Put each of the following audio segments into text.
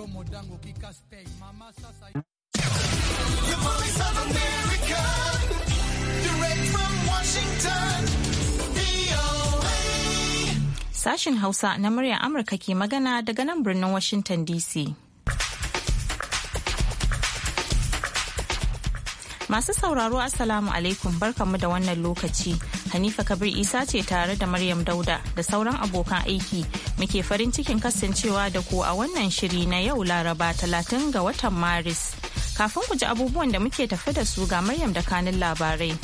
Jomo Dango Kika Spain. Mama Sasa. The voice of America. Direct from Washington. Sashen Hausa na murya Amurka ke magana daga nan birnin Washington DC. Masu sauraro Assalamu alaikum barkanmu da wannan lokaci. Hanifa Kabir Isa ce tare da Maryam Dauda da sauran abokan aiki muke farin cikin kasancewa da ku a wannan shiri na yau Laraba talatin ga watan Maris. Kafin ku ji abubuwan da muke tafi da su ga Maryam da kanin labarai.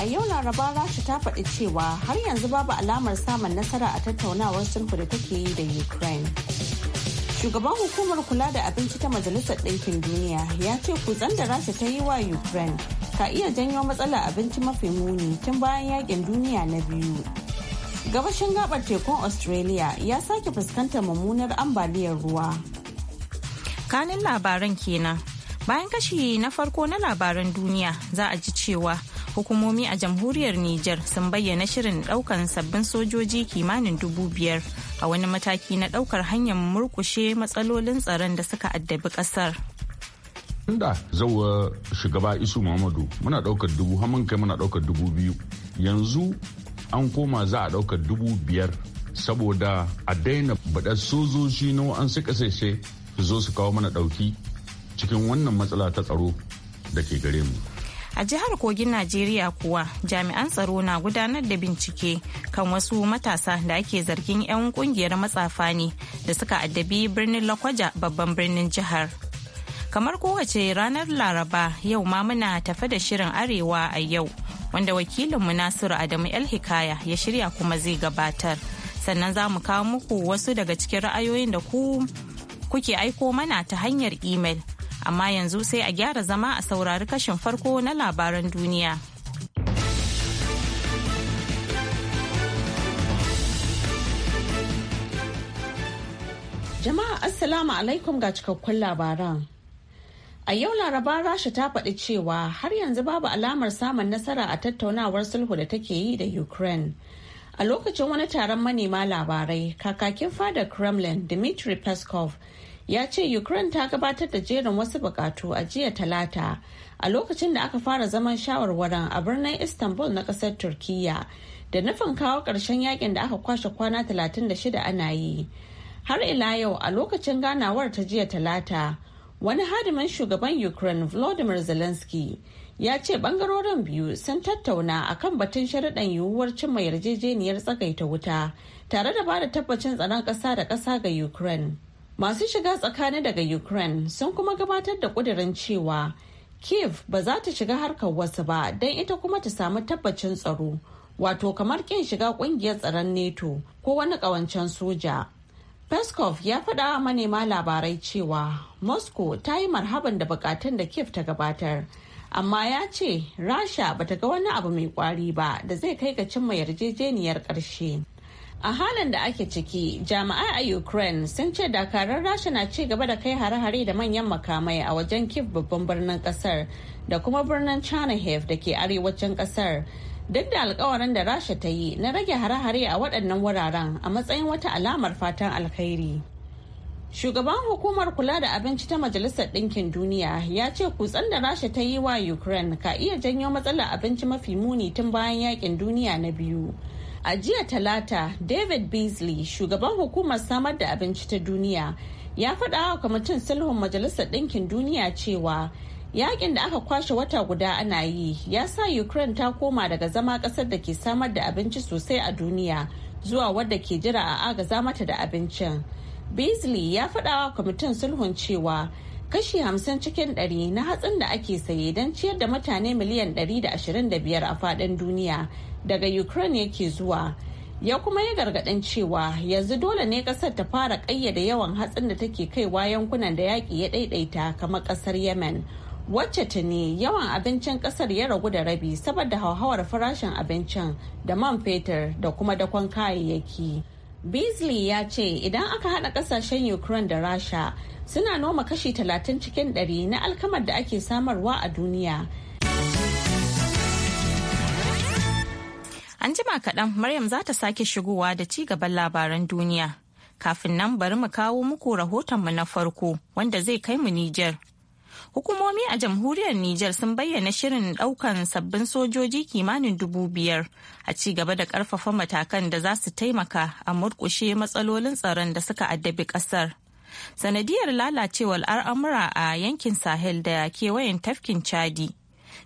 A yau Laraba Rasha ta faɗi cewa har yanzu babu alamar samun nasara a tattaunawar sulhu da take yi da Ukraine. Shugaban hukumar kula da abinci ta Majalisar Ɗinkin Duniya ya ce kutsen da Rasha ta yi wa Ukraine ka iya janyo matsalar abinci mafi muni tun bayan yakin duniya na biyu. Gabashin gabar tekun Australia ya sake fuskantar mummunar ambaliyar ruwa. Kanin labaran kenan. Bayan kashi na farko na labaran duniya za a ji cewa hukumomi a jamhuriyar Nijar sun bayyana shirin daukan sabbin sojoji kimanin dubu biyar a wani mataki na ɗaukar hanyar murkushe matsalolin tsaron da suka addabi ƙasar. inda zauwa shugaba isu muhammadu muna ɗaukar dubu haman kai muna ɗauka dubu biyu yanzu an koma za a ɗaukar dubu biyar saboda a daina baɗa sojoji na wa'ansu ƙasashe su zo su kawo mana ɗauki cikin wannan matsala ta tsaro da ke gare mu. A jihar Kogin Najeriya kuwa jami'an tsaro na gudanar da bincike kan wasu matasa da ake zargin 'yan kungiyar matsafa ne da suka addabi birnin lokwaja babban birnin jihar. Kamar kowace ranar Laraba yau ma muna tafe da shirin Arewa a yau wanda wakilinmu Nasiru Adamu El Hikaya ya shirya kuma zai gabatar. Sannan za mu kawo muku wasu daga cikin ra'ayoyin da ku kuke aiko mana ta hanyar imel. amma yanzu sai a gyara zama a saurari kashin farko na labaran duniya. Jama'a Assalamu alaikum ga cikakkun labaran. A yau Laraba Rasha ta faɗi cewa har yanzu babu alamar samun nasara a tattaunawar sulhu da take yi da Ukraine. A lokacin wani taron manema labarai, kakakin fadar Kremlin Dmitry Peskov ya ce ukraine ta gabatar da jerin wasu bukatu a jiya talata a lokacin da aka fara zaman shawarwarin a birnin istanbul na kasar turkiya da nufin kawo ƙarshen yakin da aka kwashe kwana 36 ana yi har ila yau a lokacin ganawar ta jiya talata wani hadimin shugaban ukraine volodymyr zelensky ya ce bangarorin biyu sun tattauna akan batun sharaɗan yiwuwar cimma yarjejeniyar tsagaita wuta tare da ba da tabbacin tsaron ƙasa da ƙasa ga ukraine Masu shiga tsakani daga Ukraine sun kuma gabatar da kudirin cewa Kiev ba za ta shiga harkar wasu ba don ita kuma ta samu tabbacin tsaro, wato kamar ƙin shiga ƙungiyar tsaron NATO ko wani ƙawancen soja. Peskov ya faɗa manema labarai cewa Moscow ta yi marhaban da bukatun da Kiev ta gabatar. amma ya ce rasha ta ga wani abu mai kwari ba da zai kai ga cimma yarjejeniyar ƙarshe a halin da ake ciki jami'ai a ukraine sun ce dakarar rasha na ci gaba da kai hare-hare da manyan makamai a wajen kif babban birnin kasar da kuma birnin chernihiv da ke arewacin kasar duk da alkawarin da rasha ta yi na rage hare-hare a waɗannan wuraren a matsayin wata alamar fatan alkhairi shugaban hukumar kula da abinci ta majalisar ɗinkin duniya ya ce kutsen da rasha ta yi wa ukraine ka iya janyo matsalar abinci mafi muni tun bayan yakin duniya na biyu A jiya Talata, David Beasley, shugaban hukumar samar da abinci ta duniya, ya faɗa wa kwamitin sulhun Majalisar Ɗinkin Duniya cewa yakin da aka kwashe wata guda ana yi ya sa Ukraine ta koma daga zama ƙasar da ke samar da abinci sosai a duniya zuwa wadda ke jira a agaza mata da abincin. Beasley ya faɗa wa kwamitin sulhun cewa kashi hamsin cikin ɗari na hatsin da ake saye don ciyar da mutane miliyan 125 a faɗin duniya daga ukraine yake zuwa ya kuma yi gargaɗin cewa yanzu dole ne ƙasar ta fara ƙayyade yawan hatsin da take kai kaiwa yankunan da yaƙi ya ɗaiɗaita kamar ƙasar yemen wacce ta ne yawan abincin ƙasar ya ragu da rabi saboda hauhawar farashin abincin da man fetur da kuma dakon kayayyaki Beasley ya ce idan aka hada kasashen Ukraine da Rasha suna noma kashi 30 cikin 100 na alkamar da ake samarwa a duniya. An jima kaɗan Maryam za ta sake shigowa da ci gaban labaran duniya. Kafin nan bari mu kawo muku rahoton mu na farko wanda zai kai mu Nijar. Hukumomi a jamhuriyar Nijar sun bayyana shirin daukan sabbin sojoji kimanin dubu biyar a ci gaba da karfafa matakan da za su taimaka a murkushe matsalolin tsaron da suka addabi kasar. Sanadiyar lalacewar al'amura a yankin Sahel da kewayen tafkin Chadi.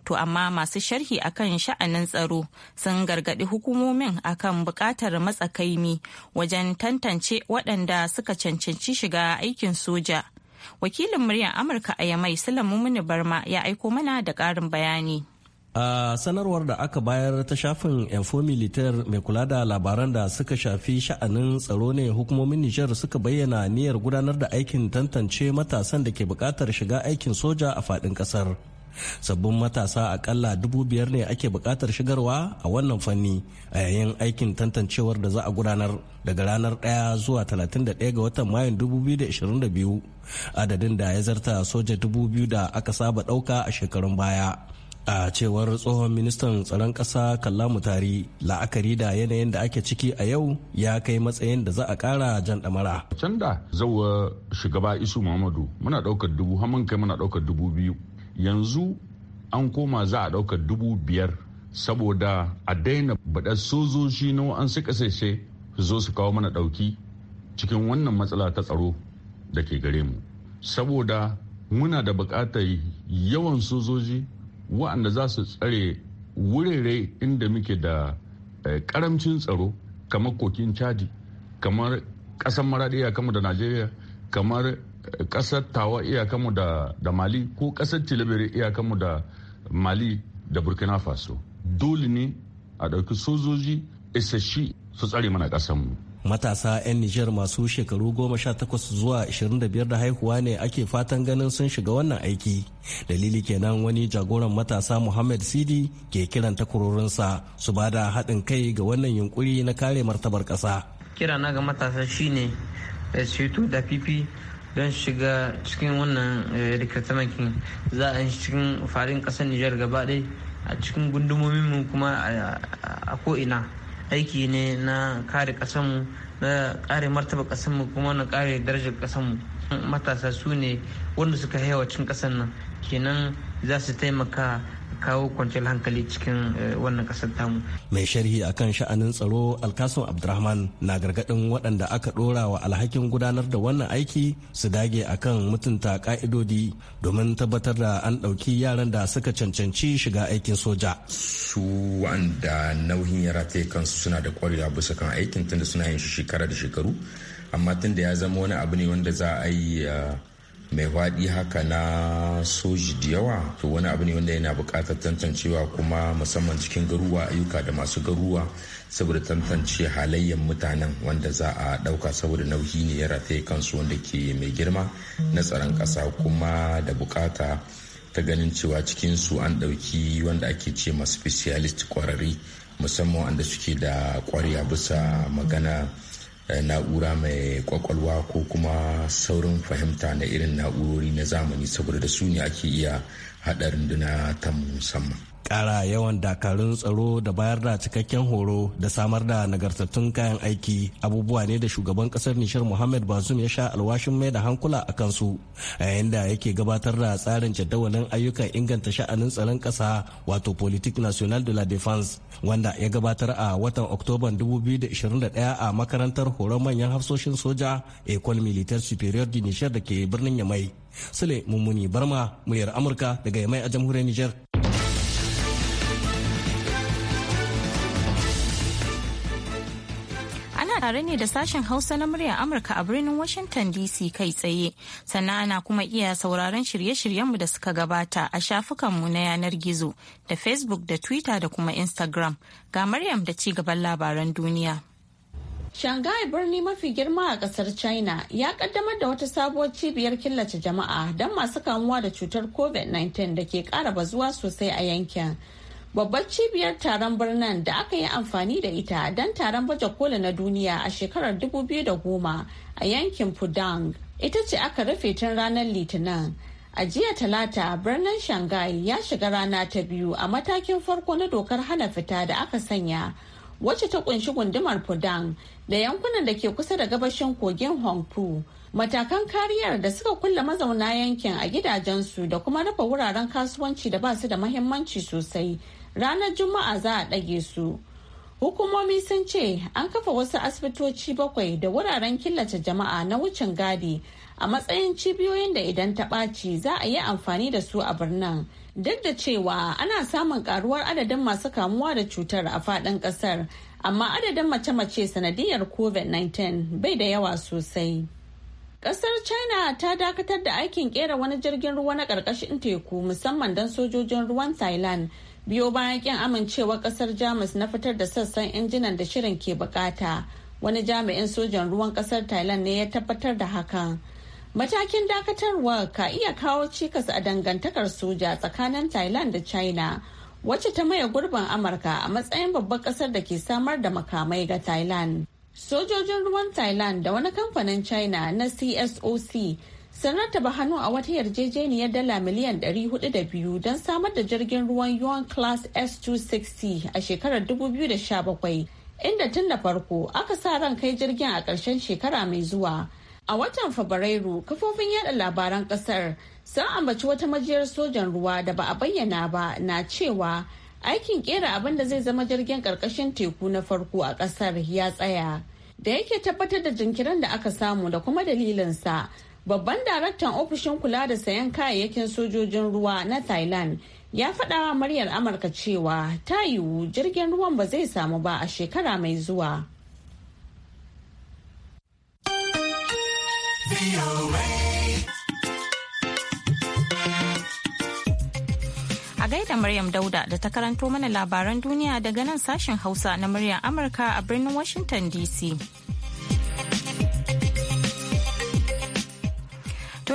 To amma masu sharhi akan sha'anin tsaro sun gargadi hukumomin akan buƙatar matsakaimi wajen tantance waɗanda suka cancanci shiga aikin soja. wakilin muryar amurka a yamai mumuni barma ya aiko mana da karin bayani a sanarwar da aka bayar ta shafin infomilitar mai kula da labaran da suka shafi sha'anin tsaro ne hukumomin nijar suka bayyana niyyar gudanar da aikin tantance matasan da ke bukatar shiga aikin soja a fadin kasar. sabbin matasa akalla dubu biyar ne ake bukatar shigarwa a wannan fanni a yayin aikin tantancewar da za a gudanar daga ranar 1 zuwa 31 ga watan mayun 2022 adadin da ya zarta soja dubu biyu da aka saba ɗauka a shekarun baya a cewar tsohon ministan tsaron ƙasa kalla mutari la'akari da yanayin da ake ciki a yau ya kai matsayin da za a ƙara jan ɗamara. can da zauwa shugaba isu muhammadu muna ɗaukar dubu haman kai muna ɗaukar dubu biyu yanzu an koma za a ɗaukar dubu biyar saboda a daina baɗa sojoji na an su ƙasashe su zo su kawo mana ɗauki cikin wannan matsala ta tsaro da ke gare mu saboda muna da buƙatar yawan sojoji waɗanda za su tsare wurare inda muke da karamcin eh, tsaro kamar kokin chadi kamar ƙasar maraɗi iyakanmu da najeriya kamar eh, ƙasar tawa iyakanmu da mali ko ƙasar tilibiri iyakanmu da mali da burkina faso dole ne a ɗauki sojoji isasshi su tsare mana ƙasarmu matasa 'yan nijar masu shekaru sha 18 zuwa 25 da haihuwa ne ake fatan ganin sun shiga wannan aiki dalili kenan wani jagoran matasa muhammad sidi ke kiran takwarorinsa su ba da haɗin kai ga wannan yunkuri na kare martabar ƙasa kira na ga matasa shine su da fifi don shiga cikin wannan eh, rikatamakin za a cikin farin ƙasar nijar gaba a cikin gundumomin mu kuma a ko'ina aiki ne na kare kasanmu na kare martaba kasanmu kuma na kare darajar kasanmu matasa su ne wanda suka haiwa cin kasan nan kenan za su taimaka kawo kwanciyar hankali cikin eh, wannan kasar tamu. Mai sharhi akan sha'anin tsaro Alkasun Abdurrahman na gargadin waɗanda aka ɗora wa alhakin gudanar da wannan aiki su dage akan mutunta ƙa'idodi domin tabbatar da an ɗauki yaran da suka cancanci shiga aikin soja. Su wanda nauyin yara ta kansu suna da ƙwarewa bisa kan aikin tunda suna yin shekara da shekaru amma tunda ya zama wani abu ne wanda za a yi eh, mai faɗi haka na soji da yawa to wani abu ne wanda yana buƙatar tantancewa kuma musamman cikin garuwa ayyuka da masu garuwa saboda tantance halayyar mutanen wanda za a ɗauka saboda nauyi ne ya rataye kansu wanda ke mai girma na tsaron ƙasa kuma da buƙata ta ganin cewa cikin su an ɗauki wanda ake ce ma specialist kwararri musamman wanda suke da ƙwarya bisa magana Eh, na'ura mai kwakwalwa ko kuma saurin fahimta na irin na'urori na zamani saboda da su ne ake iya haɗa runduna ta musamman ƙara yawan dakarun tsaro da bayar da cikakken horo da samar da nagartattun kayan aiki abubuwa ne da shugaban ƙasar nishar muhammad bazum ya sha alwashin mai da hankula a kansu yayin da yake gabatar da tsarin jadawalin ayyukan inganta sha'anin tsaron ƙasa wato politik national de la defense wanda ya gabatar a watan Oktoba 2021 a makarantar horon manyan hafsoshin soja ecole militaire superior de nishar da ke birnin yamai sule mummuni barma muryar amurka daga yamai a jamhuriyar niger tare ne da sashen Hausa na muryar Amurka a birnin Washington DC kai tsaye. Sannan ana kuma iya sauraron shirye-shiryenmu da suka gabata a shafukanmu na yanar gizo da Facebook da Twitter da kuma Instagram. Ga Maryam da ci gaban labaran duniya. Shanghai birni mafi girma a kasar China ya kaddamar da wata sabuwar cibiyar killace jama'a don masu kamuwa da cutar COVID-19 da ke kara bazuwa sosai a yankin. babbar cibiyar taron birnin da aka yi amfani da ita don taron baje kola na duniya a shekarar 2010 a yankin pudong ita ce aka rufe tun ranar litinin a jiya talata birnin shanghai ya shiga rana ta biyu a matakin farko na dokar hana fita da aka sanya wacce ta kunshi gundumar Pudang da yankunan da ke kusa da gabashin kogin Hongpu. Matakan kariyar da suka kulle mazauna yankin a gidajensu da kuma rufe wuraren kasuwanci da ba su da mahimmanci sosai ranar juma'a za a ɗage su hukumomi sun ce an kafa wasu asibitoci bakwai da wuraren killace jama'a na wucin gadi a matsayin cibiyoyin da idan ta ɓaci za a yi amfani da su a birnin duk da cewa ana samun karuwar adadin masu kamuwa da cutar a faɗin ƙasar amma adadin mace-mace sanadiyar covid-19 bai da yawa sosai Ƙasar China ta dakatar da aikin kera wani jirgin ruwa na ƙarƙashin teku musamman don sojojin ruwan Thailand biyo bayan kin amincewar kasar jamus na fitar da sassan injinan da shirin ke bukata wani jami'in sojan ruwan kasar thailand ne ya tabbatar da hakan matakin dakatarwa ka iya kawo cikas a dangantakar soja tsakanin thailand da china wacce ta maye gurbin amurka a matsayin babbar kasar da ke samar da makamai ga thailand sojojin ruwan thailand da wani kamfanin china na csoc sun rattaba hannu a wata yarjejeniyar dala miliyan 402 don samar da jirgin ruwan yuan class s260 a shekarar 2017 inda tun da farko aka sa ran kai jirgin a ƙarshen shekara mai zuwa a watan fabrairu kafofin yada labaran kasar sun ambaci wata majiyar sojan ruwa da ba a bayyana ba na cewa aikin kera abin da zai zama jirgin ƙarƙashin teku na farko a ƙasar ya tsaya da yake tabbatar da jinkirin da aka samu da kuma dalilinsa Babban daraktan ofishin kula da sayan kayayyakin sojojin ruwa na Thailand ya faɗa wa muryar Amurka cewa ta yiwu jirgin ruwan ba zai samu ba a shekara mai zuwa. A gaida Maryam Dauda da ta karanto mana labaran duniya daga nan sashen Hausa na muryar Amurka a birnin Washington DC.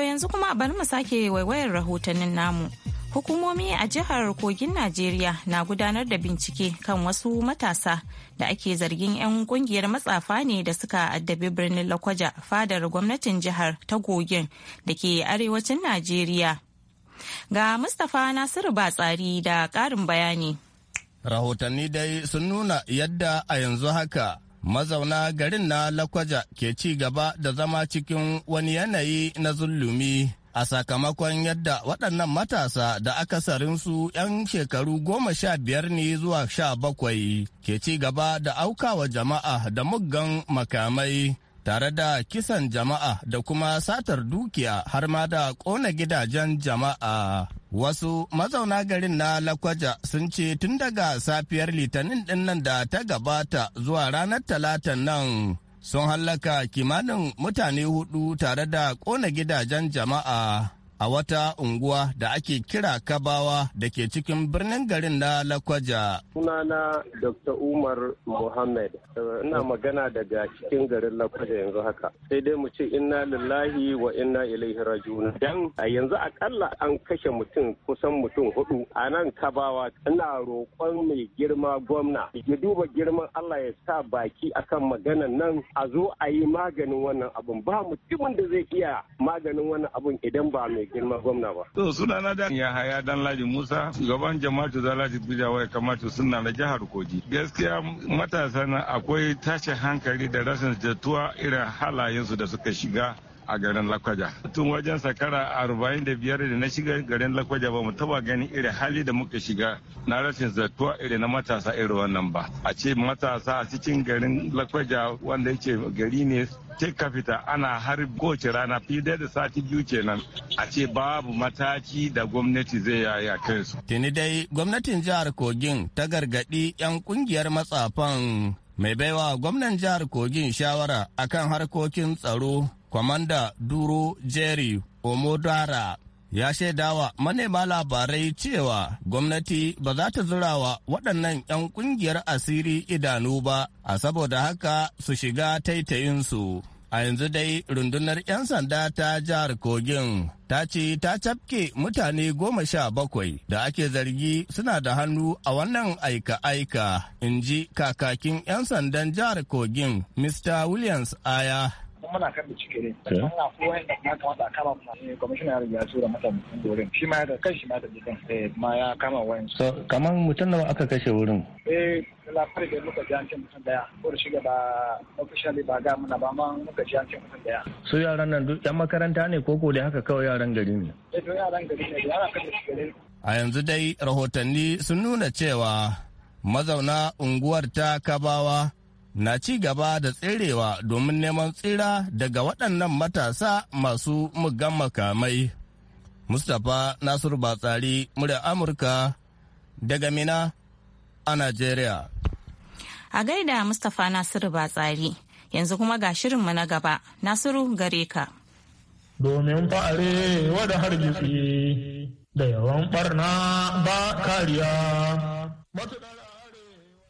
yanzu kuma bari mu sake waiwayar rahotannin namu. Hukumomi a jihar Kogin Najeriya na gudanar da bincike kan wasu matasa da ake zargin 'yan kungiyar matsafa ne da suka addabi birnin Lakwaja fadar gwamnatin jihar ta Gogin da ke arewacin Najeriya. Ga Mustapha Nasiru Batsari da ƙarin bayani. Rahotanni dai sun nuna yadda a yanzu haka mazauna garin na lakwaja ke ci gaba da zama cikin wani yanayi na zullumi a sakamakon yadda waɗannan matasa da akasarinsu 'yan shekaru goma sha biyar ne zuwa sha bakwai ke ci gaba da wa jama'a da muggan makamai tare da kisan jama'a da kuma satar dukiya har ma da kona gidajen jama'a. Wasu mazauna garin na Lakwaja sun ce tun daga safiyar litinin dinnan da ta gabata zuwa ranar talatan nan sun hallaka kimanin mutane hudu tare da kona gidajen jama'a. a wata unguwa da ake kira kabawa da ke cikin birnin garin na lakwaja sunana dr umar Mohammed, ina magana daga cikin garin lakwaja yanzu haka sai dai mu ce inna lillahi wa inna ilaihi rajiun dan a yanzu akalla an kashe mutum kusan mutum hudu a nan kabawa ina roƙon mai girma gwamna ya duba girman allah ya sa baki akan maganan nan a zo a yi maganin wannan abun ba mutumin da zai iya maganin wannan abun idan ba mai girma gwamna ba. To suna na da ya haya dan Ladi Musa gaban jama'atu Zalati Bijawa ya kamata suna na jihar Kogi. Gaskiya matasa na akwai tashin hankali da rashin jatuwa irin halayensu da suka shiga a garin lakwaja tun wajen sakara arba'in da biyar da na shiga garin lakwaja ba mu taba ganin iri hali da muka shiga na rashin zartuwa irin na matasa irin wannan ba a ce matasa a cikin garin lakwaja wanda yake gari ne take kafita ana har kowace rana fiye da sati biyu kenan a ce babu mataki da gwamnati zai yaya su. Tuni dai gwamnatin jihar Kogin ta gargaɗi 'yan kungiyar matsafan mai baiwa gwamnan jihar Kogin shawara akan harkokin tsaro kwamanda duro jerry omodara ya shaidawa manema labarai cewa gwamnati ba za ta wa waɗannan 'yan ƙungiyar asiri idanu ba a saboda haka su shiga taitayinsu a yanzu dai rundunar 'yan sanda ta jihar kogin ta ce ta cafke mutane goma sha bakwai da ake zargi suna da hannu a wannan aika-aika in ji kakakin 'yan sandan jihar kogin mr williams aya kuma muna kan bincike ne sannan akwai wanda ya kamata a kama kuma kwamishina ya riga ya tura masa mutum wurin shi ma ya kan shi ma da jikin eh, ma ya kama wayan su. kamar mutum nawa aka kashe wurin eh labarin da muka ji an ce mutum daya ko da shiga ba officially ba ga muna ba ma muka ji an ce mutum daya su yaran nan duk yan makaranta ne ko ko da haka kawai yaran gari ne eh to yaran gari ne yaran kan gari a yanzu dai rahotanni sun nuna cewa mazauna unguwar ta kabawa na ci gaba da tserewa domin neman tsira daga waɗannan matasa masu mugan makamai. Mustapha Nasiru Batsari, murya Amurka daga Mina a Najeriya. A gaida Mustapha Nasiru Batsari, yanzu kuma ga shirinmu na gaba, Nasiru gare ka. Domin fa'are wada hargitsi da yawan barna ba kariya.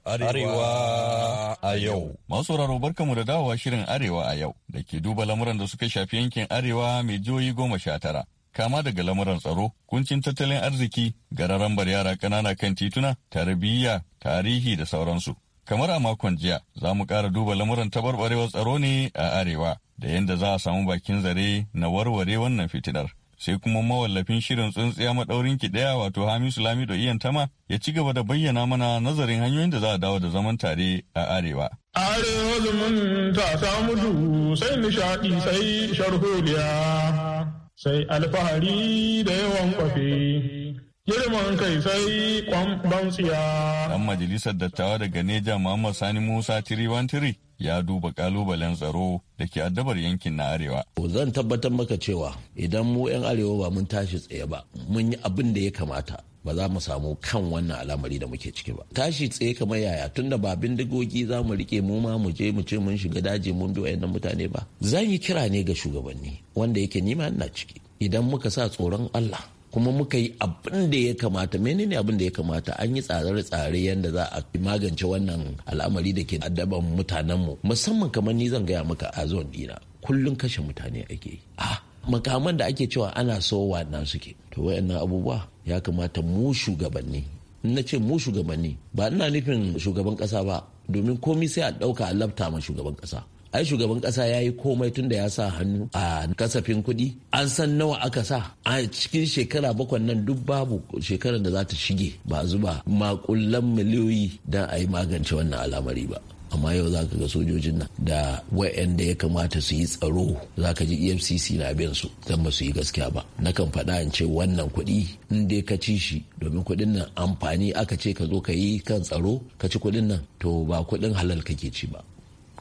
Arewa a yau. Masu sauraro barkamu da dawowa shirin Arewa a yau da ke duba lamuran da suka shafi yankin Arewa mai jihohi goma sha tara. Kama daga lamuran tsaro, kuncin tattalin arziki, gararambar yara ƙanana kan tituna, tarbiyya, tarihi da sauransu. Kamar a makon jiya, za mu ƙara duba lamuran tabarbarewar tsaro ne a Arewa da yadda za a samu bakin zare na warware wannan fitinar. sai kuma mawallafin shirin tsuntsiya maɗaurin ki ɗaya wato hamisu lamido iyan tama ya ci gaba da bayyana mana nazarin hanyoyin da za a dawo da zaman tare a arewa arewa zumunta ta mutu sai nishaɗi sai sharholiya sai alfahari da yawan kwafe Girman kai sai kwan ya. Dan majalisar dattawa daga Neja Muhammad Sani Musa Tiri ya duba kalubalen tsaro da ke addabar yankin na arewa. Zan tabbatar maka cewa idan mu 'yan arewa ba mun tashi tsaye ba mun yi abin da ya kamata ba za mu samu kan wannan al'amari da muke ciki ba tashi tsaye kamar yaya tunda ba bindigogi za mu rike mu ma mu je mu ce mun shiga daji mun bi wayannan mutane ba zan yi kira ne ga shugabanni wanda yake nima ina ciki idan muka sa tsoron Allah kuma muka yi abin da ya kamata menene abin da ya kamata an yi tsare-tsare yadda za a magance wannan al'amari da ke addaban mu. musamman kamar ni zan gaya maka a zuwan dina kullum kashe mutane ake yi ah makaman da ake cewa ana sowa na suke to wayannan abubuwa ya kamata mu shugabanni na ce mu shugabanni ba ina nufin shugaban kasa ba domin komi sai a ɗauka a labta ma shugaban kasa ai shugaban kasa ya yi komai tun da ya sa hannu a kasafin kuɗi an san nawa aka sa a cikin shekara bakwai nan duk babu shekarar da za ta shige ba zuba makullan miliyoyi don a yi magance wannan al'amari ba amma yau za ka ga sojojin nan da wayanda ya kamata su yi tsaro za ka ji efcc na bin su zan ba su yi gaskiya ba nakan faɗa in ce wannan kuɗi in dai ka ci shi domin kuɗin nan amfani aka ce ka zo ka yi kan tsaro ka ci kuɗin nan to ba kuɗin halal kake ci ba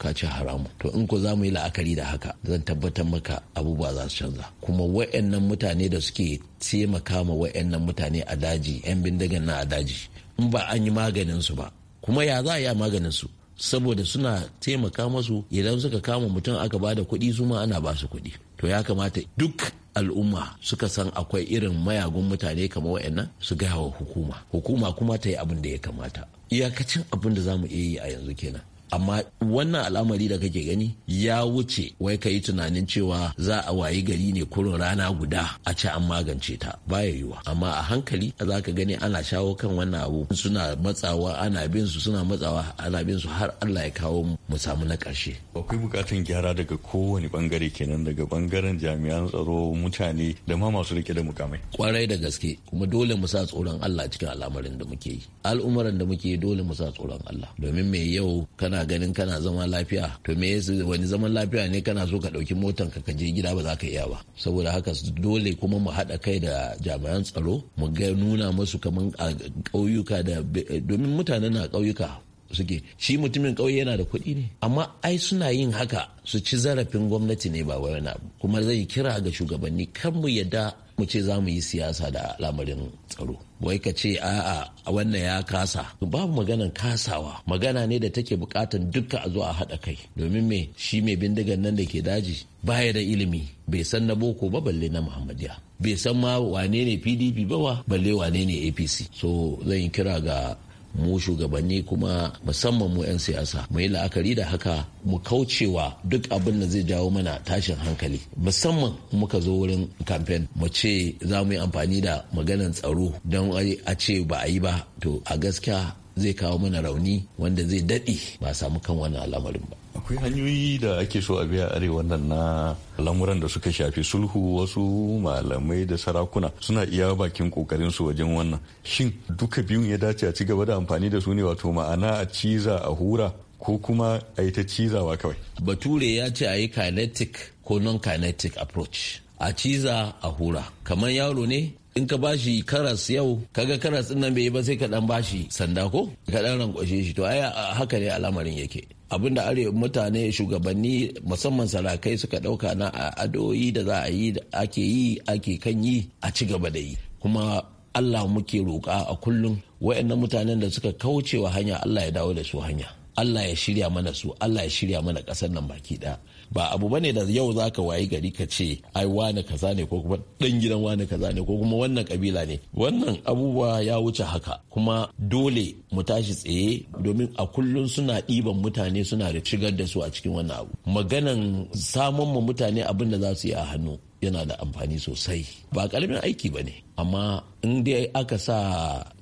ka ci haramu to in ko za mu yi la'akari da haka zan tabbatar maka abubuwa za su canza kuma wayannan mutane da suke taimaka ma wa'annan mutane a daji 'yan bindigan na a daji in ba an yi maganin su ba kuma ya za a yi maganin su saboda suna taimaka masu idan suka kama mutum aka ba da kuɗi su ma ana ba su kuɗi to ya kamata duk al'umma suka san akwai irin mayagun mutane kamar wa'annan su gaya wa hukuma hukuma kuma ta yi abin da ya kamata iyakacin abin da za mu iya yi a yanzu kenan amma wannan al'amari da kake gani ya wuce wai ka yi tunanin cewa za a wayi gari ne kurin rana guda a ci an magance ta baya yiwa amma a hankali za ka gani ana shawo kan wannan abu suna matsawa ana bin su suna matsawa ana bin su har Allah ya kawo mu samu na ƙarshe. Akwai bukatun gyara daga kowane bangare kenan daga bangaren jami'an tsaro mutane da ma masu rike da mukamai. Kwarai da gaske kuma dole mu sa tsoron Allah cikin al'amarin da muke yi. Al'umaran da muke yi dole mu sa tsoron Allah domin me yau kana ganin kana zama lafiya to me wani zaman lafiya ne kana so ka ɗauki motan ka ka je gida ba za ka iya ba saboda haka dole kuma mu haɗa kai da jami'an tsaro mu ga nuna musu kaman a ƙauyuka da domin mutane na ƙauyuka suke shi mutumin ƙauye yana da kuɗi ne amma ai suna yin haka su ci zarafin gwamnati ne ba wani abu kuma zai kira ga shugabanni kan mu yadda mu ce za mu yi siyasa da lamarin tsaro wai ka ce a'a wannan ya kasa babu maganan kasawa magana ne da take bukatan duka a zo a haɗa kai domin me shi mai bindigan nan da ke daji baya da ilimi bai san na boko ba balle na muhammadiya bai san ma wane ne pdp ba balle wane ne apc so zan yi kira ga mu shugabanni kuma musamman mu 'yan siyasa mu yi la'akari da haka mu kaucewa duk abin da zai jawo mana tashin hankali musamman muka zo wurin kamfen mu ce za mu yi amfani da maganar tsaro don a ce ba a yi ba to a gaskiya zai kawo mana rauni wanda zai daɗe ba samu kan wannan al'amarin ba akwai hanyoyi da ake so a biya arewa nan na lamuran da suka shafi sulhu wasu malamai da sarakuna suna iya bakin kokarin su wajen wannan shin duka biyun ya dace a ci gaba da amfani da su ne wato ma'ana a ciza a hura ko kuma a yi ta cizawa kawai bature ya ce a yi kinetic ko non kinetic approach a ciza a hura kamar yaro ne in ka bashi karas yau kaga karas din nan bai yi ba sai ka dan bashi sanda ko ka dan rankwashe shi to aya haka ne al'amarin yake abin da arewa mutane shugabanni musamman sarakai suka dauka na adoyi da za a yi ake yi ake kan yi a ci gaba da yi kuma Allah muke roƙa a kullum wayannan mutanen da suka kaucewa hanya Allah ya dawo da su hanya Allah ya shirya mana su Allah ya shirya mana ƙasar nan baki ɗaya ba abu bane da yau zaka wayi gari ka ce ai wani kaza ne ko kuma dan gidan wani kaza ne ko kuma wannan kabila ne wannan abubuwa ya wuce haka kuma dole mu tashi tsaye domin a kullum suna ɗiban mutane suna da shigar da su a cikin wannan abu maganan samun mu mutane abin da za su yi a hannu yana da amfani sosai ba ƙaramin aiki ba ne amma in dai aka sa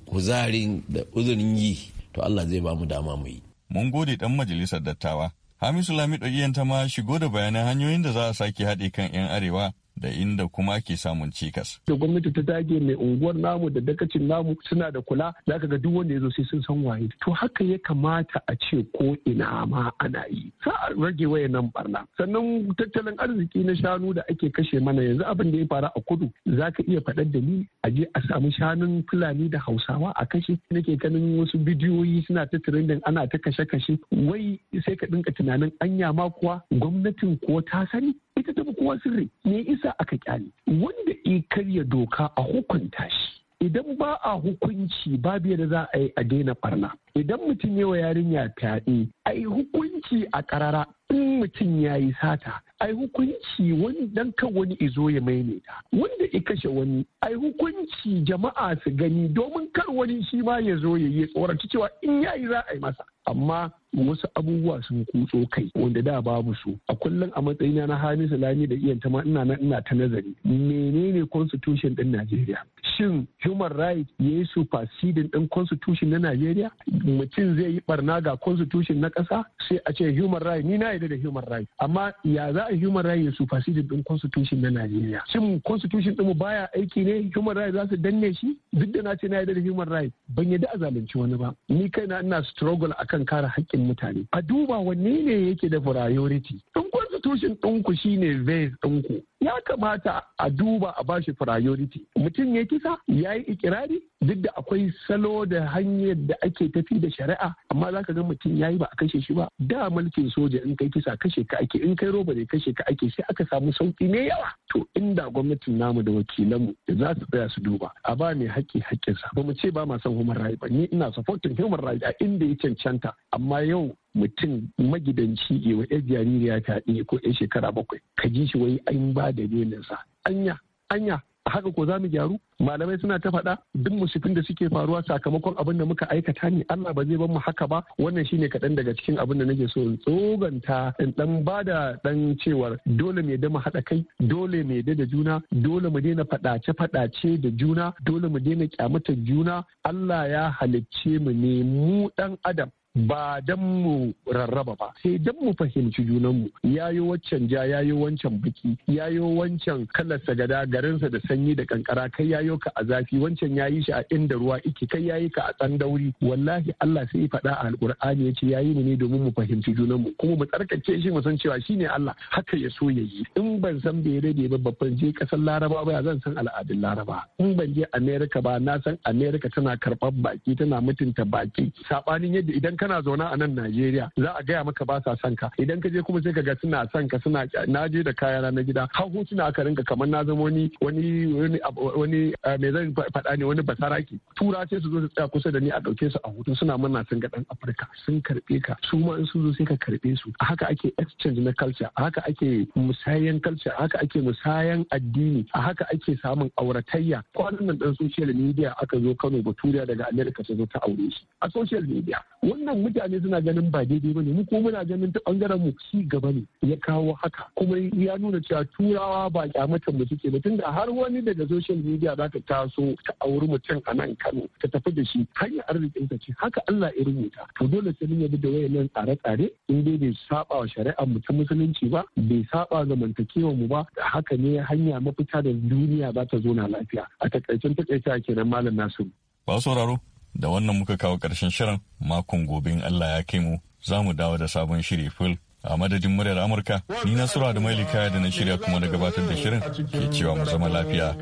kuzarin da uzurin yi to Allah zai ba mu dama mu yi. Mun gode ɗan majalisar dattawa Hamisu Lamido ta ma shigo da bayanan hanyoyin da za a sake haɗe kan 'yan arewa da inda kuma ke samun cikas. Da gwamnati ta dage mai unguwar namu da dakacin namu suna da kula za ka ga duk wanda ya zo sai sun san waye. To haka ya kamata a ce ko ina ma ana yi. Sa a rage waya nan barna. Sannan tattalin arziki na shanu da ake kashe mana yanzu abin da ya faru a kudu za ka iya faɗar da ni a je a samu shanun Fulani da Hausawa a kashe. Nake ganin wasu bidiyoyi suna ta trendin ana ta kashe-kashe. Wai sai ka ɗinka tunanin anya ma kuwa gwamnatin ko ta sani. ita tafi kowa sirri me isa aka kyale wanda i karya doka a hukunta shi idan ba a hukunci babu yadda za a yi a daina barna idan mutum yawa yarinya fyaɗe a yi hukunci a ƙarara in mutum ya yi sata ai hukunci wani dan kan wani izo ya maimaita wanda i kashe wani ai hukunci jama'a su gani domin kar wani shi ma ya zo ya yi tsoraci cewa in ya yi za a yi masa amma wasu abubuwa sun kutso kai wanda da babu su a kullum a matsayina na hamisu lami da iyan ma ina na ina ta nazari menene constitution din najeriya shin human right ya yi superseding din constitution na najeriya mutum zai yi barna ga constitution na kasa sai a ce human right ni na yarda da human rights amma ya za a human rights ya supersede din constitution na Najeriya shin constitution ɗin mu baya aiki ne human rights za su danne shi duk da na ce na yarda da human rights ban yarda a zalunci wani ba ni kaina ina struggle akan kare haƙƙin mutane a duba wanne ne yake da priority in constitution ɗinku shine base ɗinku ya kamata a duba a bashi priority mutum ya kisa ya yi ikirari duk da akwai salo da hanyar da ake tafi da shari'a amma za ka ga mutum yayi ba a kashe shi ba da mulkin soja in kai kisa kashe ka ake in kai roba ne kashe ka ake sai aka samu sauki ne yawa to inda gwamnatin namu da wakilanmu da za su tsaya su duba a ba mai haƙƙi sa, ba mu ce ba ma san human rights ba ni ina supporting human rights a inda ya cancanta amma yau mutum magidanci ya wa yar jaririya ta ko yar shekara bakwai ka ji shi wai an ba da sa anya anya haka ko za mu gyaru malamai suna ta faɗa duk musifin da suke faruwa sakamakon abin da muka aikata ne Allah ba zai bar mu haka ba wannan shine kaɗan daga cikin abin da nake so in tsoganta in dan bada dan cewar dole mu mu haɗa kai dole mu da juna dole mu daina faɗace faɗace da juna dole mu daina kyamata juna Allah ya halicce mu ne mu dan adam ba dan mu rarraba ba sai don mu fahimci junanmu yi waccan ja ya yi wancan baki yi wancan kalar sagada garinsa da sanyi da kankara kai ya yi ka a zafi wancan ya yi shi a inda ruwa iki kai ya yi ka a tsandauri wallahi Allah sai faɗa a alkur'ani ya ya yayi ne domin mu fahimci junanmu kuma mu tsarkake shi mu san cewa shi ne Allah haka ya so ya yi. in ban san bai rage ba babban je kasar Laraba ba zan san al'adun Laraba in ban je Amerika ba na san Amerika tana karɓar baki tana mutunta baki saɓanin yadda idan kana zaune a nan Najeriya za a gaya maka ba sa son ka idan ka je kuma sai ka ga suna son ka suna na je da kaya na gida har hotuna aka rinka kamar na zama wani wani wani eh, me zan faɗa ne wani basaraki tura sai su zo su tsaya kusa da ni a ɗauke su a hoto suna murna sun ga ɗan Afirka sun karɓe ka su ma in sun zo sai ka karɓe su a haka ake exchange na culture a haka ake musayan culture a haka ake musayan addini a haka ake samun auratayya kwanan nan dan social media aka zo Kano Baturiya daga America ta zo ta aure shi a social media wannan wannan mutane suna ganin ba daidai ba ne mu ko muna ganin ta bangaren mu ci gaba ne ya kawo haka kuma ya nuna cewa turawa ba kyamatan mu suke ba tunda har wani daga social media za ta taso ta auri mutum a nan Kano ta tafi da shi hanyar arzikin ta ce haka Allah ya rubuta to dole sai mun yabi da wayannan tsare-tsare in dai bai saba wa shari'ar mu ta musulunci ba bai saba zamantakewa mu ba da haka ne hanya mafita da duniya za ta zo na lafiya a takaicen a kenan malam Nasiru. Ba sauraro Da wannan muka kawo ƙarshen shirin makon gobe in Allah ya kai mu za mu dawo da sabon shiri fil a madadin muryar Amurka ni na sura da mai da na shirya kuma da gabatar da shirin ke cewa mu zama lafiya.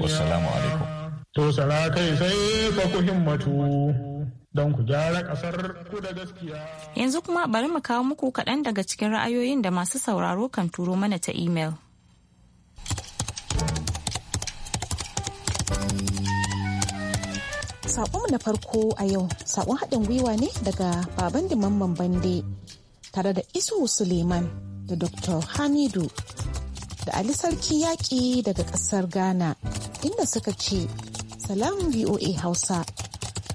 Wassalamu alaikum. To sara kai sai fa ku himmatu don ku gyara kasar ku da gaskiya. Yanzu kuma bari mu kawo muku kaɗan daga cikin ra'ayoyin da masu sauraro kan turo mana ta imel. saƙonmu na farko a yau saƙon haɗin gwiwa ne daga baban mamman bande tare da isu suleiman da dr hamidu da ali sarki yaƙi daga ƙasar ghana inda suka ce salam voa hausa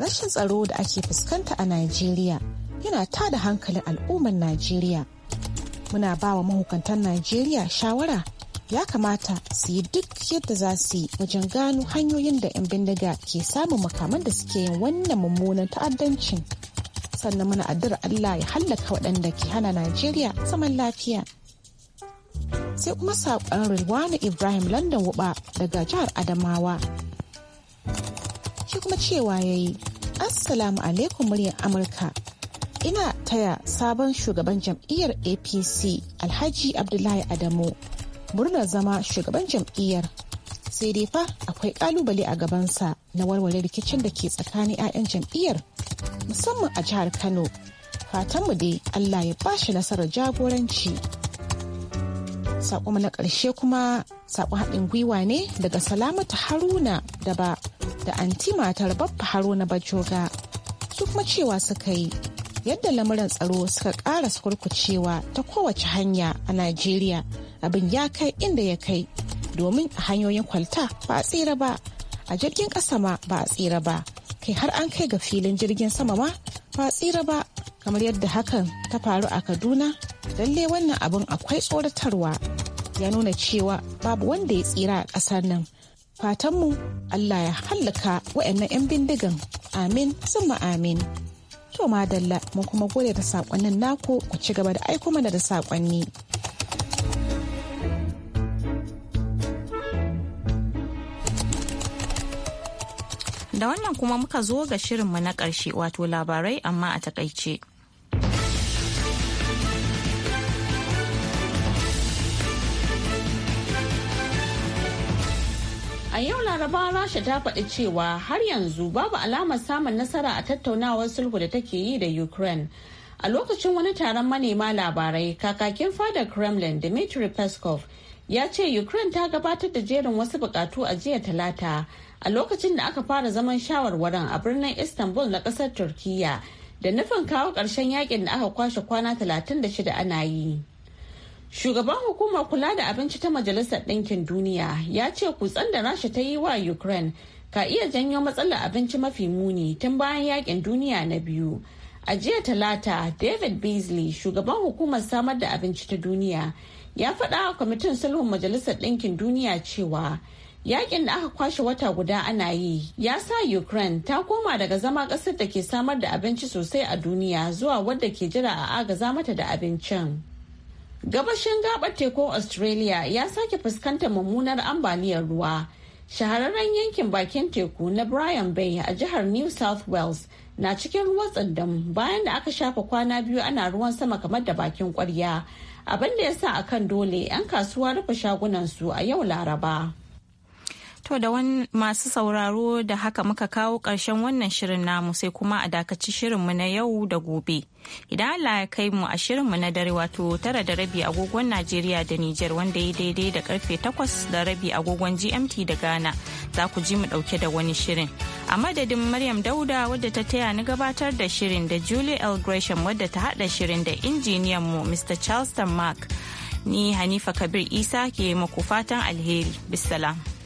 rashin tsaro da ake fuskanta a najeriya yana ta da hankalin al'ummar najeriya muna ba wa mahukantan najeriya shawara ya kamata su yi duk yadda za su yi wajen gano hanyoyin da 'yan bindiga ke samun makaman da suke yin wannan mummunan ta'addancin sannan mana addu'ar Allah ya hallaka waɗanda ke hana Najeriya zaman lafiya. Sai kuma saƙon Rilwani Ibrahim London Wuba daga jihar Adamawa. Shi kuma cewa ya yi, Assalamu alaikum muryar Amurka. Ina taya sabon shugaban jam'iyyar APC Alhaji Abdullahi Adamu murna zama shugaban jam'iyyar sai dai fa akwai kalubale a gabansa na warware rikicin da ke tsakanin 'ya'yan jam'iyyar musamman a jihar kano fatanmu dai allah ya bashi nasarar jagoranci saƙo na ƙarshe kuma saƙon haɗin gwiwa ne daga salamatu haruna da ba da anti matar babba haruna bajoga su kuma cewa suka yi yadda lamuran tsaro suka ƙara kurkucewa ta kowace hanya a najeriya abin ya kai inda ya kai domin a hanyoyin kwalta ba a tsira ba a jirgin kasa ma ba a tsira ba kai har an kai ga filin jirgin sama ma ba a tsira ba kamar yadda hakan ta faru a kaduna lalle wannan abin akwai tsoratarwa ya nuna cewa babu wanda ya tsira a ƙasar nan fatanmu allah ya hallaka wa'annan 'yan bindigan amin suma amin to madalla mun kuma gode da saƙonnin naku ku ci gaba da aiko mana da saƙonni da wannan kuma muka zo ga shirin mu na ƙarshe wato labarai amma a takaice. A yau Laraba Rasha ta faɗi cewa har yanzu babu alamar samun nasara a tattaunawar sulhu da take yi da Ukraine. A lokacin wani taron manema labarai, kakakin fadar Kremlin Dmitry Peskov ya ce Ukraine ta gabatar da jerin wasu buƙatu a jiya talata a lokacin da aka fara zaman shawarwarin a birnin istanbul na kasar turkiya da nufin kawo ƙarshen yakin da aka kwashe kwana 36 ana yi shugaban hukumar kula da abinci ta majalisar ɗinkin duniya ya ce kutsen da rasha ta yi wa ukraine ka iya janyo matsalar abinci mafi muni tun bayan yakin duniya na biyu a jiya talata david beasley shugaban hukumar samar da abinci ta duniya ya faɗa kwamitin sulhun majalisar ɗinkin duniya cewa Yakin da aka kwashe wata guda ana yi ya sa Ukraine ta koma daga zama ƙasar da ke samar da abinci sosai a duniya zuwa wadda ke jira a agaza mata da abincin. Gabashin gabar tekun Australia ya sake fuskantar mummunar ambaliyar ruwa. Shahararren yankin bakin teku na Brian Bay a jihar New South Wales na cikin ruwan tsandam bayan da aka shafa kwana biyu ana ruwan sama kamar da bakin kwarya. abinda da ya sa akan dole 'yan kasuwa rufe shagunan su a yau Laraba. To da wani masu sauraro da haka muka kawo ƙarshen wannan shirin namu sai kuma a dakaci shirinmu na yau da gobe. Idan Allah ya kai mu a shirinmu na dare wato tara da rabi agogon Najeriya da Nijar wanda ya daidai da karfe takwas da rabi agogon GMT da Ghana za ku ji mu ɗauke da wani shirin. A madadin Maryam Dauda wadda ta taya ni gabatar da shirin da Julie L. Gresham wadda ta haɗa shirin da injiniyan mu Mr. Charleston Mark. Ni Hanifa Kabir Isa ke maku fatan alheri. Bisalam.